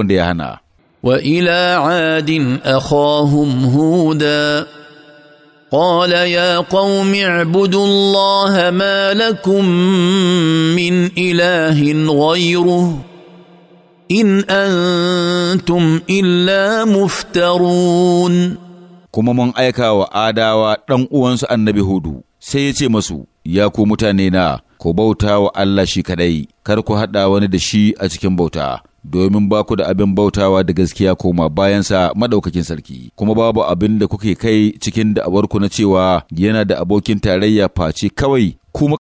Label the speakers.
Speaker 1: wanda ya hana
Speaker 2: وإلى عاد أخاهم هودا قال يا قوم اعبدوا الله ما لكم من إله
Speaker 3: illa muftarun. kuma mun aika
Speaker 4: wa adawa ɗan uwansu annabi hudu sai ya ce masu ya ku mutane na ku bauta wa Allah shi kadai kar ku haɗa wani da shi a cikin bauta domin ba ku da abin bautawa da gaskiya koma bayansa madaukakin sarki kuma babu abin da kuke kai cikin da'awarku na cewa yana da abokin tarayya face kawai kuma